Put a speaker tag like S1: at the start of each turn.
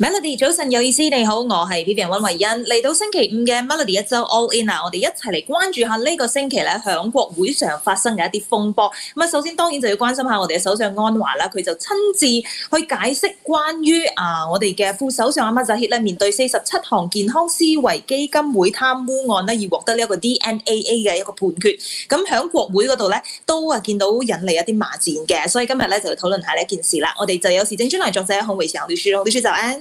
S1: Melody，早晨有意思，你好，我係 Vivian 溫慧欣，嚟到星期五嘅 Melody 一周 All In 啊，我哋一齊嚟關注下呢個星期咧響國會上發生嘅一啲風波。咁啊，首先當然就要關心下我哋嘅首相安華啦，佢就親自去解釋關於啊我哋嘅副首相阿馬澤歇咧面對四十七項健康思維基金會貪污案咧而獲得呢一個 D N A A 嘅一個判決。咁響國會嗰度咧都啊見到引嚟一啲罵戰嘅，所以今日咧就討論下呢一件事啦。我哋就有時政專欄作者孔維祥、李舒、李舒就